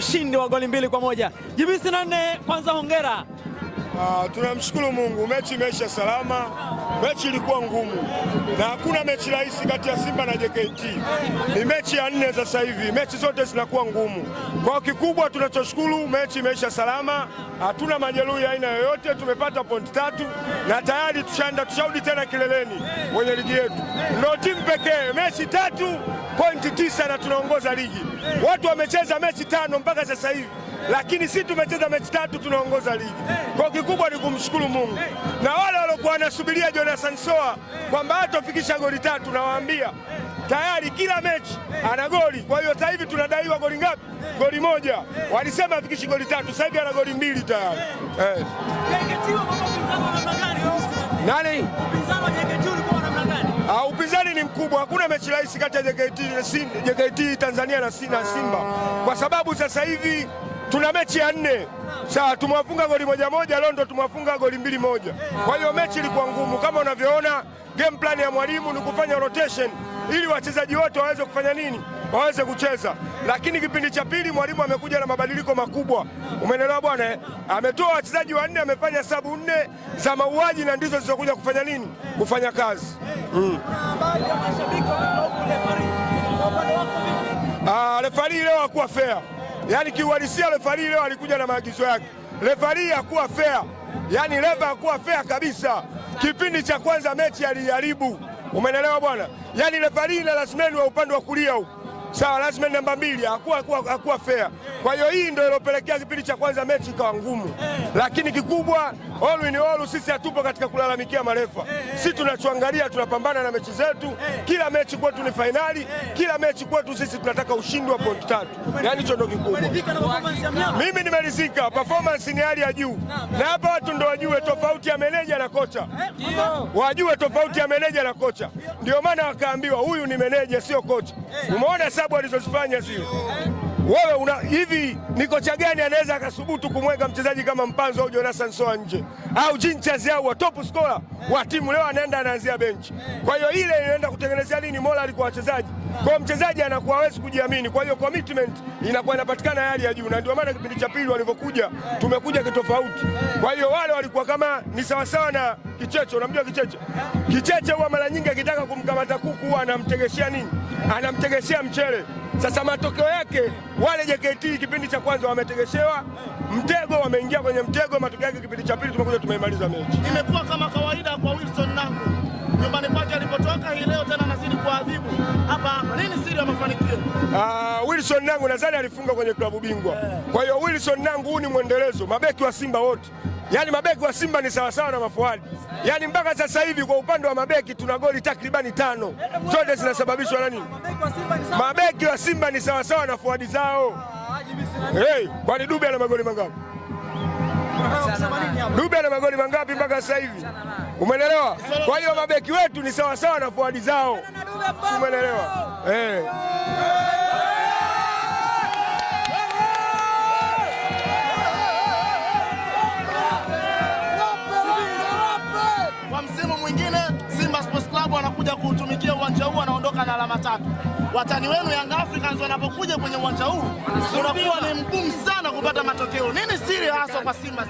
ushindi wa goli mbili kwa moja. jibisi na nne, kwanza hongera. Uh, tunamshukuru Mungu, mechi imeisha salama. Mechi ilikuwa ngumu na hakuna mechi rahisi kati ya Simba na JKT. Ni mechi ya nne sasa hivi, mechi zote zinakuwa ngumu. Kwa kikubwa tunachoshukuru, mechi imeisha salama, hatuna majeruhi aina yoyote, tumepata pointi tatu na tayari tushaenda, tushaudi tena kileleni kwenye ligi yetu. Ndio timu pekee mechi tatu pointi tisa na tunaongoza ligi. Watu wamecheza mechi tano mpaka sasa hivi, lakini si tumecheza mechi tatu, tunaongoza ligi. Kwa kikubwa ni kumshukuru Mungu, na wale waliokuwa wanasubiria Jonathan Soa kwamba hatofikisha goli tatu, nawaambia tayari kila mechi ana goli. Kwa hiyo sasa hivi tunadaiwa goli ngapi? Goli moja. Walisema afikishi goli tatu, sasa hivi ana goli mbili tayari. Eh. Nani? Uh, upinzani ni mkubwa, hakuna mechi rahisi kati ya JKT Tanzania na Simba kwa sababu sasa hivi tuna mechi ya nne sawa, tumewafunga goli moja moja, leo ndo tumewafunga goli mbili moja. Kwa hiyo mechi ilikuwa ngumu kama unavyoona. Game plan ya mwalimu ni kufanya rotation ili wachezaji wote waweze kufanya nini, waweze kucheza. Lakini kipindi cha pili mwalimu amekuja na mabadiliko makubwa, umeelewa bwana? Eh? Ametoa wachezaji wanne, amefanya sabu nne za mauaji, na ndizo zilizokuja kufanya nini, kufanya kazi mm. Ah, refari leo hakuwa fair Yaani kiuhalisia refari leo alikuja na maagizo yake. Refari hakuwa fair, yaani leva hakuwa fair kabisa. Kipindi cha kwanza mechi aliharibu, umenelewa bwana? Yaani refari na lasmeni wa upande wa kulia huko, sawa, lasmeni namba mbili hakuwa fair. Kwa hiyo hii ndio ilopelekea kipindi cha kwanza mechi ikawa ngumu, lakini kikubwa olu ni olu, sisi hatupo katika kulalamikia marefa. Eh, eh. Sisi tunachoangalia tunapambana na mechi zetu. Eh. Kila mechi kwetu ni fainali, kila mechi kwetu sisi tunataka ushindi wa pointi tatu, yaani hicho ndio kikubwa. Mimi nimeridhika, performance ni hali ya juu, na hapa watu ndio wajue tofauti ya meneja na kocha, wajue tofauti ya meneja na kocha. Ndio maana wakaambiwa huyu ni meneja, sio kocha. Umeona sababu alizozifanya, sio wewe una hivi, ni kocha gani anaweza akasubutu kumweka mchezaji kama Mpanzo au Jonathan Soa nje au Jinchazi au top scorer wa timu leo anaenda anaanzia benchi? Kwa hiyo ile inaenda kutengenezea nini morali kwa wachezaji? Kwa mchezaji anakuwa hawezi kujiamini, kwa hiyo commitment inakuwa inapatikana hali ya juu, na ndio maana kipindi cha pili walivyokuja, tumekuja kitofauti. Kwa hiyo wale walikuwa kama ni sawasawa na Kicheche. Unamjua Kicheche? Kicheche huwa mara nyingi akitaka kumkamata kuku huwa anamtegeshea nini? Anamtegeshea mchele. Sasa matokeo yake wale JKT kipindi cha kwanza wametegeshewa mtego, wameingia kwenye mtego. Matokeo yake kipindi cha pili tumekuja tumeimaliza mechi, imekuwa kama kawaida kwa Wilson Nangu nyumbani kwake alipotoka hii leo tena anazidi kuadhibu hapa. Nini siri ya mafanikio? Ah, Wilson Nangu nadhani alifunga kwenye klabu bingwa yeah. Kwa hiyo Wilson Nangu huu ni mwendelezo, mabeki wa Simba wote yaani mabeki wa Simba ni sawasawa na mafuadi, yaani mpaka sasa hivi kwa upande wa mabeki tuna goli takribani tano, zote zinasababishwa na nini? Mabeki wa Simba ni sawasawa na fuadi zao. Ah, hey, kwani Dube ana magoli mangapi? Dube ana magoli mangapi mpaka sasa hivi? Umeelewa? Kwa hiyo mabeki wetu ni sawasawa na fuadi zao, umeelewa? Eh. Kwa msimu mwingine na alama tatu. Watani wenu Young Africans wanapokuja kwenye uwanja huu unakuwa ni mgumu sana kupata matokeo. Nini siri hasa kwa Simba?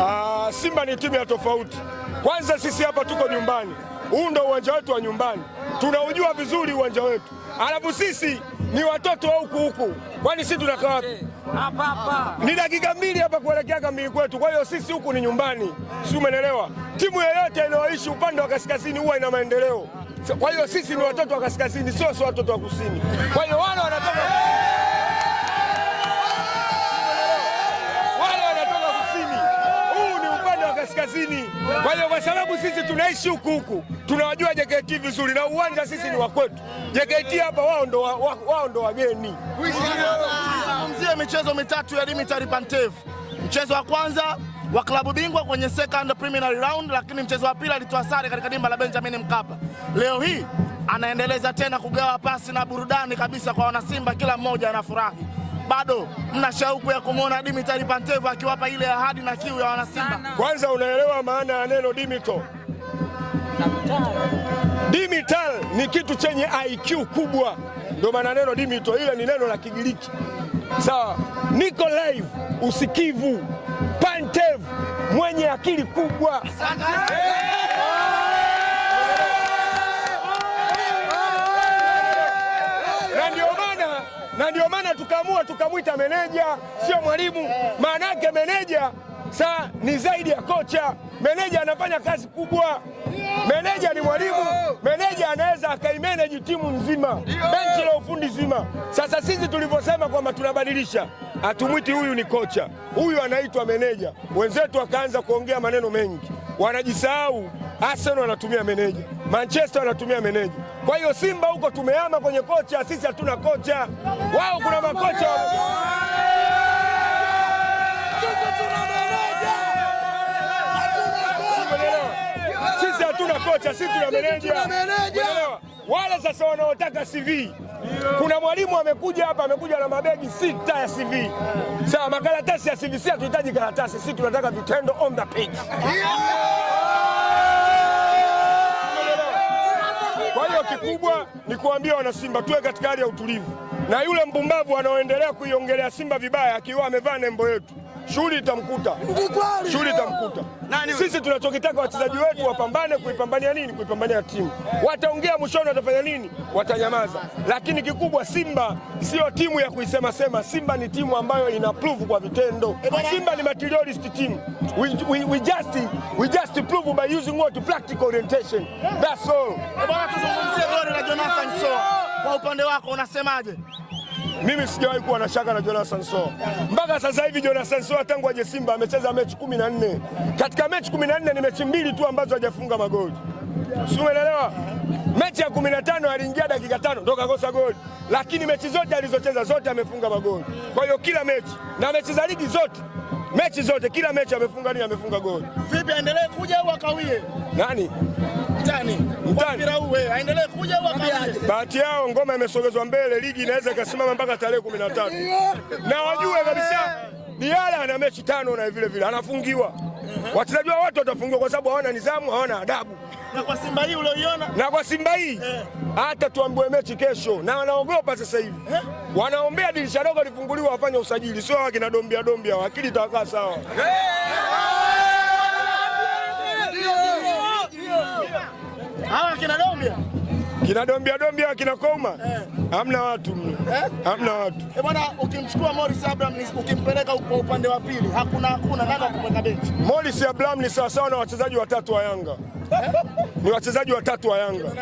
Ah, Simba ni timu ya tofauti. Kwanza sisi hapa tuko nyumbani, huu ndo uwanja wetu wa nyumbani, tunaujua vizuri uwanja wetu, alafu sisi ni watoto wa huku huku, kwani sisi tunakaa wapi? Ni dakika mbili hapa kuelekea kamili kwetu, kwa hiyo sisi huku ni nyumbani, si umeelewa? Timu yoyote inayoishi upande wa kaskazini huwa ina maendeleo. Kwa hiyo sisi ni watoto wa kaskazini, sio sio watoto wa kusini. Kwa hiyo wale wanatoka kusini, huu ni upande wa kaskazini. Kwa hiyo kwa sababu sisi tunaishi huku huku, tunawajua JKT vizuri na uwanja sisi ni wa kwetu. JKT hapa wao ndo wao ndo wageni. Mzie michezo mitatu ya Dimitari Pantev, mchezo wa kwanza wa klabu bingwa kwenye second preliminary round, lakini mchezo wa pili alitoa sare katika dimba la Benjamin Mkapa. Leo hii anaendeleza tena kugawa pasi na burudani kabisa kwa wanasimba, kila mmoja anafurahi. Bado mna shauku ya kumwona Dimitari Pantevu akiwapa ile ahadi na kiu ya wanasimba. Kwanza unaelewa maana ya neno dimito Dimital ni kitu chenye IQ kubwa, ndio maana neno dimito ile ni neno la Kigiriki. Sawa, niko live, usikivu mpotevu, mwenye akili kubwa. na ndio maana tukaamua tukamwita meneja, sio mwalimu. Maana yake meneja saa ni zaidi ya kocha. Meneja anafanya kazi kubwa. Meneja ni mwalimu, meneja anaweza akaimeneji timu nzima, benchi la ufundi zima. Sasa sisi tulivyosema kwamba tunabadilisha, hatumwiti huyu ni kocha, huyu anaitwa meneja. Wenzetu wakaanza kuongea maneno mengi, wanajisahau. Arsenal anatumia meneja, Manchester anatumia meneja. Kwa hiyo Simba huko tumeama kwenye kocha, sisi hatuna kocha, wao kuna makocha wa... kocha, sisi tuna meneja, wala sasa wanaotaka CV. Kuna mwalimu amekuja hapa, amekuja na mabegi sita ya CV. Sawa, makaratasi ya CV, si hatuhitaji karatasi, si tunataka vitendo on the pitch. Kwa hiyo kikubwa ni kuambia wanasimba tuwe katika hali ya utulivu, na yule mpumbavu anaoendelea kuiongelea Simba vibaya akiwa amevaa nembo yetu shughuli itamkuta, shughuli itamkuta. Sisi tunachokitaka wachezaji wetu wapambane kuipambania nini? Kuipambania timu. Wataongea mwishoni, watafanya nini? Watanyamaza. Lakini kikubwa, Simba siyo timu ya kuisema sema. Simba ni timu ambayo ina prove kwa vitendo. Eh, Simba ni materialist team. We, we, we just, we just prove by using what practical orientation. Eh. That's all. Eh, bwana, tuzungumzie goli la Jonathan Kwa upande wako unasemaje? Mimi sijawahi kuwa na shaka na Jonas Sanso. mpaka sasa hivi. Jonas Sanso tangu aje Simba amecheza mechi kumi na nne. Katika mechi kumi na nne ni mechi mbili tu ambazo hajafunga magoli, si umeelewa? Mechi ya kumi na tano aliingia dakika tano ndo kakosa goli, lakini mechi zote alizocheza zote amefunga magoli. Kwa hiyo kila mechi na mechi za ligi zote mechi zote kila mechi amefunga nini, amefunga goli. Vipi, aendelee kuja au akawie? Nani mtani mtani, aendelee kuja au akawie? Bahati yao ngoma imesogezwa mbele, ligi inaweza ikasimama mpaka tarehe kumi na tatu na wajue kabisa Diala ana mechi tano na vile vile anafungiwa. Wachezaji wao watafungiwa kwa sababu hawana nidhamu, hawana adabu. Na kwa Simba hii ulioiona, na kwa Simba hii eh. hata tuambiwe mechi kesho, na wanaogopa sasa hivi, eh? wanaombea dirisha dogo lifunguliwe, wafanye usajili, sio hawa kina dombia dombia, akili itakaa sawa. Eh. Hawa kina dombia kinadombia dombia kinakoma, hamna eh, watu hamna eh, watu eh, bwana. Ukimchukua Morris Abraham ukimpeleka kwa upande wa pili, hakuna hakuna nani akupeka benchi. Morris Abraham ni sawasawa na wachezaji watatu wa Yanga eh? ni wachezaji watatu wa Yanga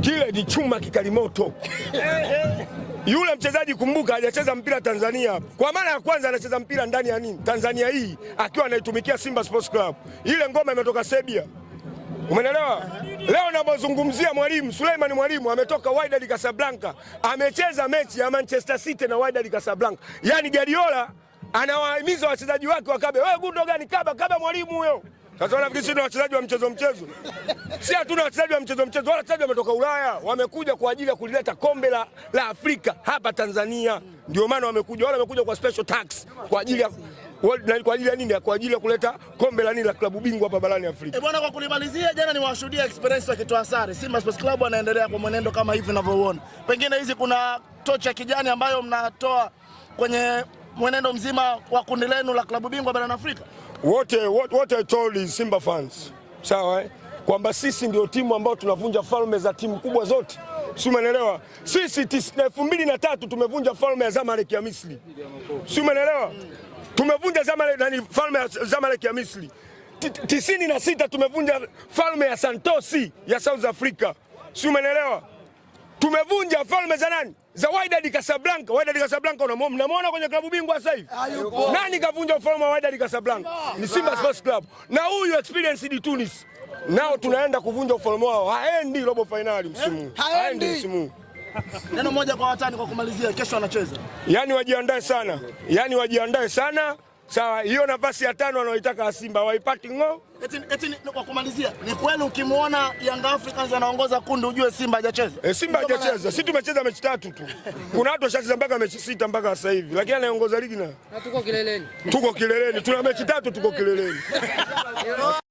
kile ni chuma kikalimoto eh, eh. Yule mchezaji kumbuka, hajacheza mpira Tanzania kwa mara ya kwanza, anacheza mpira ndani ya nini Tanzania hii, akiwa anaitumikia Simba Sports Club. Ile ngoma imetoka Serbia. Umenelewa? Leo namozungumzia mwalimu Suleiman Mwalimu ametoka Wydad Casablanca, amecheza mechi ya Manchester City na Wydad Casablanca. Yaani Guardiola anawahimiza wachezaji wake wakabe, wewe gundo gani? Kaba kaba mwalimu huyo. Sasa wanafikiri sisi ni wachezaji wa mchezo mchezo. Si hatuna wachezaji wa mchezo mchezo, wala wachezaji wametoka Ulaya, wamekuja kwa ajili ya kulileta kombe la, la Afrika hapa Tanzania. Ndio maana wamekuja, wala wamekuja kwa special tax kwa ajili ya kwa ajili ya nini? Kwa ajili ya kuleta kombe la nini la klabu bingwa hapa barani Afrika. Eh, bwana, kwa kulimalizia, jana niwashuhudia experience wakitoa sare. Simba Sports Club anaendelea kwa mwenendo kama hivi unavyoona, pengine hizi kuna tocha kijani ambayo mnatoa kwenye mwenendo mzima wa kundi lenu la klabu bingwa barani Afrika. Wote wote told Simba fans sawa, eh, kwamba sisi ndio timu ambayo tunavunja falme za timu kubwa zote si umeelewa? Sisi elfu mbili na tatu tumevunja falme ya Zamalek ya Misri, si umeelewa? tumevunja falme ya Zamalek ya Misri, tisini na sita tumevunja falme ya Santosi ya South Africa, si umenelewa Tumevunja falme za nani za Wydad Casablanca. Wydad Casablanca mnamwona kwenye klabu bingwa sasa hivi. Ah, nani kavunja ufalme wa Wydad Casablanca? Ni Simba Sports Club na huyu experience di Tunis, nao tunaenda kuvunja ufalme wao. Haendi robo finali msimu, haendi msimu Neno moja kwa watani kwa kumalizia, kesho anacheza. Yaani wajiandae sana, yaani wajiandae sana. Sawa, hiyo nafasi ya tano anaoitaka Simba waipati ng'o. Eti, eti kwa kumalizia, ni kweli ukimwona Young Africans anaongoza kundi ujue Simba hajacheza. E, Simba hajacheza. Sisi tumecheza mechi tatu tu. Kuna watu washacheza mpaka mechi sita mpaka sasa hivi. Lakini anaongoza ligi na. Na tuko kileleni. Tuko kileleni. Tuna mechi tatu tuko kileleni.